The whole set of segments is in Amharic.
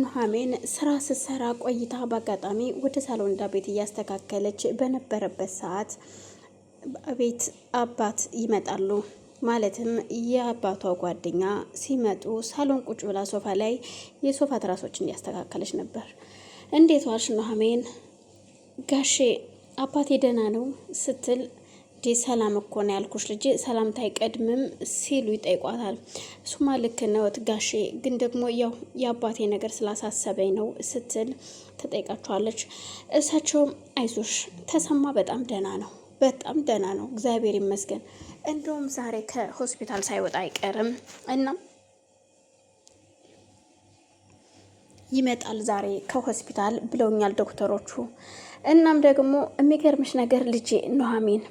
ኑሐሚን ስራ ስትሰራ ቆይታ በአጋጣሚ ወደ ሳሎንዳ ቤት እያስተካከለች በነበረበት ሰዓት ቤት አባት ይመጣሉ። ማለትም የአባቷ ጓደኛ ሲመጡ ሳሎን ቁጭ ብላ ሶፋ ላይ የሶፋ ትራሶችን እያስተካከለች ነበር። እንዴት ዋልሽ ኑሐሚን? ጋሼ አባቴ ደህና ነው ስትል እንዴ ሰላም እኮ ነው ያልኩሽ ልጅ ሰላምታ አይቀድምም ሲሉ ይጠይቋታል። እሱማ ልክ ነው ጋሼ፣ ግን ደግሞ ያው የአባቴ ነገር ስላሳሰበኝ ነው ስትል ትጠይቃቸዋለች። እሳቸውም አይዞሽ ተሰማ በጣም ደህና ነው፣ በጣም ደህና ነው እግዚአብሔር ይመስገን፣ እንደውም ዛሬ ከሆስፒታል ሳይወጣ አይቀርም እና ይመጣል ዛሬ ከሆስፒታል ብለውኛል ዶክተሮቹ። እናም ደግሞ የሚገርምሽ ነገር ልጄ ኑሐሚን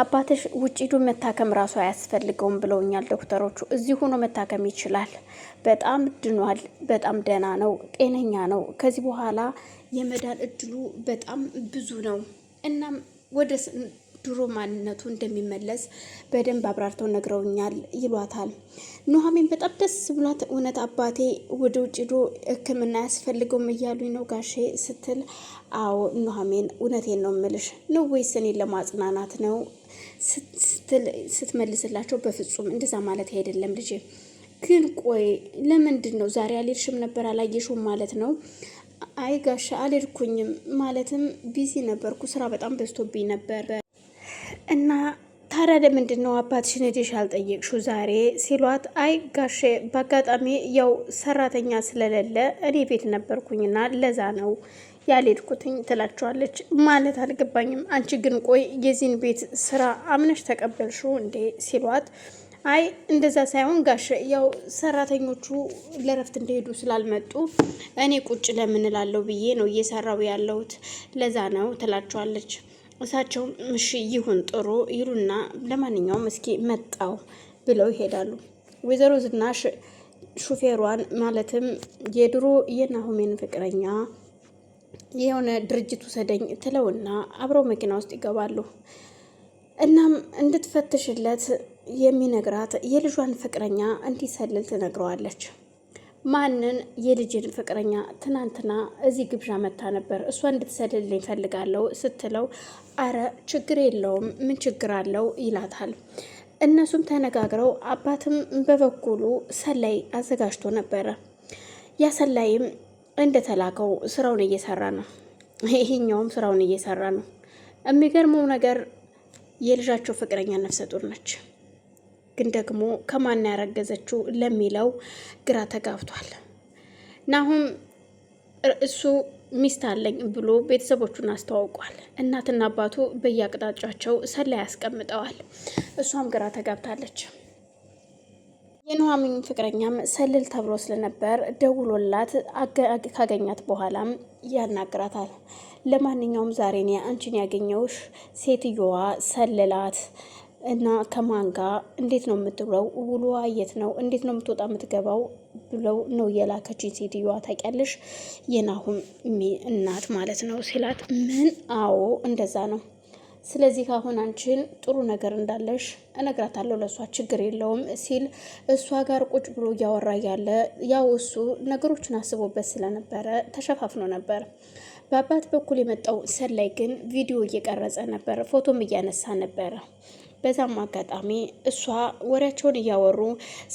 አባትሽ ውጭ ሂዶ መታከም ራሱ አያስፈልገውም ብለውኛል ዶክተሮቹ። እዚህ ሆኖ መታከም ይችላል። በጣም ድኗል። በጣም ደህና ነው፣ ጤነኛ ነው። ከዚህ በኋላ የመዳን እድሉ በጣም ብዙ ነው። እናም ወደ ድሮ ማንነቱ እንደሚመለስ በደንብ አብራርተው ነግረውኛል ይሏታል። ኑሐሚን በጣም ደስ ብሏት እውነት አባቴ ወደ ውጭ ሂዶ ሕክምና ያስፈልገውም እያሉኝ ነው ጋሼ ስትል፣ አዎ ኑሐሚን እውነቴን ነው ምልሽ ነው ወይስ እኔን ለማጽናናት ነው ስትል ስትመልስላቸው፣ በፍጹም እንደዛ ማለት አይደለም ልጄ። ግን ቆይ ለምንድን ነው ዛሬ አልሄድሽም ነበር አላየሽውም ማለት ነው? አይ ጋሻ አልሄድኩኝም። ማለትም ቢዚ ነበርኩ፣ ስራ በጣም በዝቶብኝ ነበር። እና ታዲያ ለምንድን ነው አባትሽን ሄደሽ ያልጠየቅሽው ዛሬ ሲሏት፣ አይ ጋሼ በአጋጣሚ ያው ሰራተኛ ስለሌለ እኔ ቤት ነበርኩኝና ለዛ ነው ያልሄድኩትኝ ትላቸዋለች። ማለት አልገባኝም። አንቺ ግን ቆይ የዚህን ቤት ስራ አምነሽ ተቀበልሽው እንዴ ሲሏት አይ እንደዛ ሳይሆን ጋሸ ያው ሰራተኞቹ ለረፍት እንደሄዱ ስላልመጡ እኔ ቁጭ ለምንላለው ብዬ ነው እየሰራው ያለሁት ለዛ ነው ትላቸዋለች። እሳቸው እሺ ይሁን ጥሩ ይሉና ለማንኛውም እስኪ መጣው ብለው ይሄዳሉ። ወይዘሮ ዝናሽ ሹፌሯን ማለትም የድሮ የናሆሜን ፍቅረኛ የሆነ ድርጅት ውሰደኝ ትለውና አብረው መኪና ውስጥ ይገባሉ። እናም እንድትፈትሽለት የሚነግራት የልጇን ፍቅረኛ እንዲሰልል ትነግረዋለች። ማንን የልጅን ፍቅረኛ ትናንትና እዚህ ግብዣ መታ ነበር፣ እሷ እንድትሰድልኝ ፈልጋለሁ ስትለው፣ አረ ችግር የለውም ምን ችግር አለው ይላታል። እነሱም ተነጋግረው አባትም በበኩሉ ሰላይ አዘጋጅቶ ነበረ። ያ ሰላይም እንደተላከው ስራውን እየሰራ ነው። ይሄኛውም ስራውን እየሰራ ነው። የሚገርመው ነገር የልጃቸው ፍቅረኛ ነፍሰ ጡር ነች። ግን ደግሞ ከማን ያረገዘችው ለሚለው ግራ ተጋብቷል። ናሁም እሱ ሚስት አለኝ ብሎ ቤተሰቦቹን አስተዋውቋል። እናትና አባቱ በየአቅጣጫቸው ሰላይ ያስቀምጠዋል። እሷም ግራ ተጋብታለች። የኑሐሚን ፍቅረኛም ሰልል ተብሎ ስለነበር ደውሎላት ካገኛት በኋላም ያናግራታል። ለማንኛውም ዛሬ እኔ አንቺን ያገኘውሽ ሴትየዋ ሰልላት እና ከማን ጋ እንዴት ነው የምትውለው? ውሉዋ የት ነው? እንዴት ነው የምትወጣ የምትገባው? ብለው ነው የላከችን ሴትዮዋ ታውቂያለሽ፣ የናሁም እናት ማለት ነው ሲላት፣ ምን አዎ፣ እንደዛ ነው። ስለዚህ ካሁን አንቺን ጥሩ ነገር እንዳለሽ እነግራታለሁ፣ ለእሷ ችግር የለውም ሲል እሷ ጋር ቁጭ ብሎ እያወራ ያለ ያው እሱ ነገሮችን አስቦበት ስለነበረ ተሸፋፍኖ ነበር። በአባት በኩል የመጣው ሰላይ ግን ቪዲዮ እየቀረጸ ነበር፣ ፎቶም እያነሳ ነበረ። በዛም አጋጣሚ እሷ ወሬያቸውን እያወሩ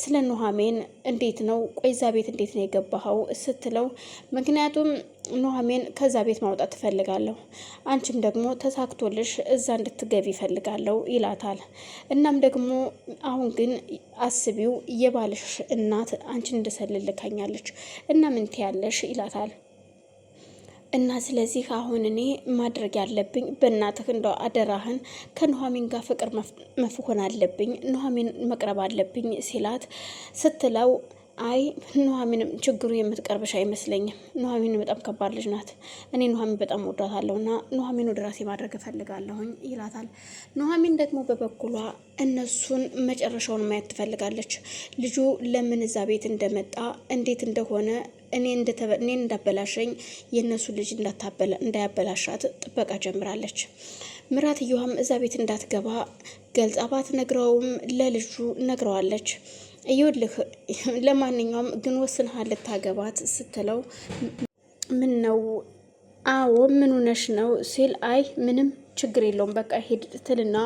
ስለ ኑሐሜን እንዴት ነው ቆይዛ ቤት እንዴት ነው የገባኸው ስትለው ምክንያቱም ኑሐሜን ከዛ ቤት ማውጣት እፈልጋለሁ፣ አንቺም ደግሞ ተሳክቶልሽ እዛ እንድትገቢ ይፈልጋለሁ ይላታል። እናም ደግሞ አሁን ግን አስቢው የባልሽ እናት አንቺን እንደሰልልካኛለች እና ምን ትያለሽ ይላታል። እና ስለዚህ አሁን እኔ ማድረግ ያለብኝ በእናትህ እንደ አደራህን ከኑሐሚን ጋር ፍቅር መፍሆን አለብኝ፣ ኑሐሚን መቅረብ አለብኝ ሲላት ስትለው አይ ኑሐሚንም ችግሩ የምትቀርብሽ አይመስለኝም። ኑሐሚን በጣም ከባድ ልጅ ናት። እኔ ኑሐሚን በጣም ወዳታለሁ እና ኑሐሚን ወደ ራሴ ማድረግ እፈልጋለሁኝ ይላታል። ኑሐሚን ደግሞ በበኩሏ እነሱን መጨረሻውን ማየት ትፈልጋለች። ልጁ ለምን እዛ ቤት እንደመጣ እንዴት እንደሆነ እኔን እንዳበላሸኝ የእነሱ ልጅ እንዳያበላሻት ጥበቃ ጀምራለች። ምራትየዋም እዛ ቤት እንዳትገባ ገልጻ ባትነግረውም ለልጁ ነግረዋለች። ይኸውልህ ለማንኛውም ግን ወስንሃ ልታገባት ስትለው ምን ነው አዎ ምን ሆነሽ ነው ሲል አይ ምንም ችግር የለውም በቃ ሄድ ትልና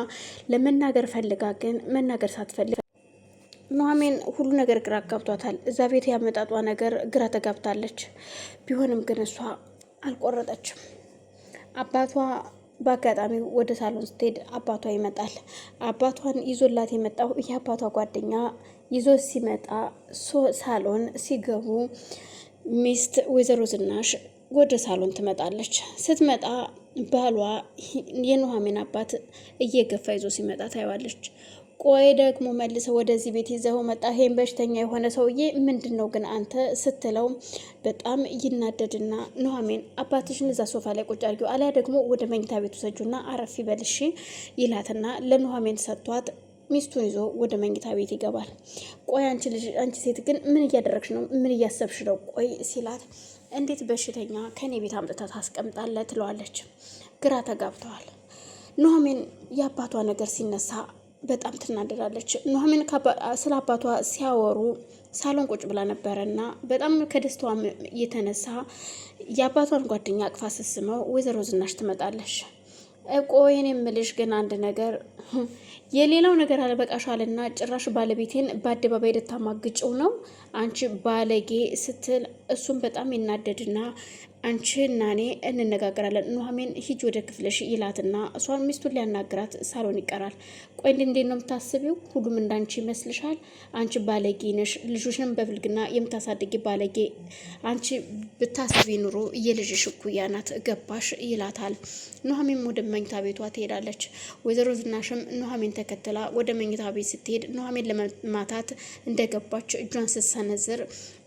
ለመናገር ፈልጋ ግን መናገር ሳትፈልግ ኑሐሚን ሁሉ ነገር ግራ አጋብቷታል። እዛ ቤት ያመጣጧ ነገር ግራ ተጋብታለች። ቢሆንም ግን እሷ አልቆረጠችም አባቷ በአጋጣሚ ወደ ሳሎን ስትሄድ አባቷ ይመጣል። አባቷን ይዞላት የመጣው የአባቷ ጓደኛ ይዞ ሲመጣ ሳሎን ሲገቡ ሚስት ወይዘሮ ዝናሽ ወደ ሳሎን ትመጣለች። ስትመጣ ባሏ የኑሐሚን አባት እየገፋ ይዞ ሲመጣ ታይዋለች። ቆይ ደግሞ መልሰ ወደዚህ ቤት ይዘው መጣ። ይሄን በሽተኛ የሆነ ሰውዬ ምንድን ነው ግን አንተ ስትለው በጣም ይናደድና ኑሐሚን አባትሽን እዛ ሶፋ ላይ ቁጭ አድርጊው፣ አሊያ ደግሞ ወደ መኝታ ቤቱ ሰጁና አረፊ ይበልሽ ይላትና ለኑሐሚን ሰጥቷት ሚስቱን ይዞ ወደ መኝታ ቤት ይገባል። ቆይ አንቺ ልጅ አንቺ ሴት ግን ምን እያደረግሽ ነው? ምን እያሰብሽ ነው? ቆይ ሲላት እንዴት በሽተኛ ከኔ ቤት አምጥታ ታስቀምጣለህ? ትለዋለች። ግራ ተጋብተዋል። ኑሐሚን የአባቷ ነገር ሲነሳ በጣም ትናደዳለች። ኑሐሚን ስለ አባቷ ሲያወሩ ሳሎን ቁጭ ብላ ነበረና በጣም ከደስታዋ የተነሳ የአባቷን ጓደኛ አቅፋ ስስመው ወይዘሮ ዝናሽ ትመጣለች። ቆይን የምልሽ ግን አንድ ነገር የሌላው ነገር አልበቃሻልና ጭራሽ ባለቤቴን በአደባባይ ልታማግጭው ነው አንቺ ባለጌ ስትል እሱም በጣም ይናደድና አንቺ እና እኔ እንነጋገራለን፣ ኑሐሚን ሂጅ ወደ ክፍልሽ ይላትና እሷን ሚስቱን ሊያናግራት ሳሎን ይቀራል። ቆይ እንዴት ነው የምታስቢው? ሁሉም እንዳንቺ ይመስልሻል? አንቺ ባለጌ ነሽ፣ ልጆችንም በብልግና የምታሳድጊ ባለጌ። አንቺ ብታስቢ ኑሮ የልጅሽ እኩያ ናት፣ ገባሽ? ይላታል። ኑሐሚን ወደ መኝታ ቤቷ ትሄዳለች። ወይዘሮ ዝናሽም ኑሐሚን ተከትላ ወደ መኝታ ቤት ስትሄድ ኑሐሚን ለመማታት እንደገባች እጇን ስትሰነዝር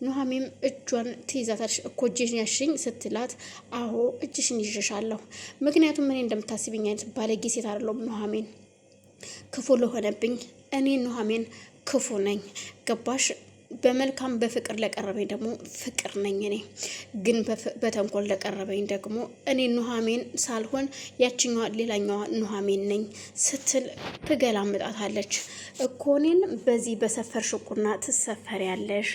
ኑሐሚን እጇን ትይዛታለች። እኮ እጄን ያሽኝ ስት ስትላት አዎ እጅሽን ይዤሻለሁ፣ ምክንያቱም እኔ እንደምታስብኝ አይነት ባለጌ ሴት አይደለሁም ኑሐሚን ክፉ ለሆነብኝ እኔ ኑሐሚን ክፉ ነኝ፣ ገባሽ? በመልካም በፍቅር ለቀረበኝ ደግሞ ፍቅር ነኝ እኔ። ግን በተንኮል ለቀረበኝ ደግሞ እኔ ኑሐሚን ሳልሆን ያችኛዋ ሌላኛዋ ኑሐሚን ነኝ ስትል ትገላምጣታለች። እኮ እኔን በዚህ በሰፈር ሽቁና ትሰፈር ያለሽ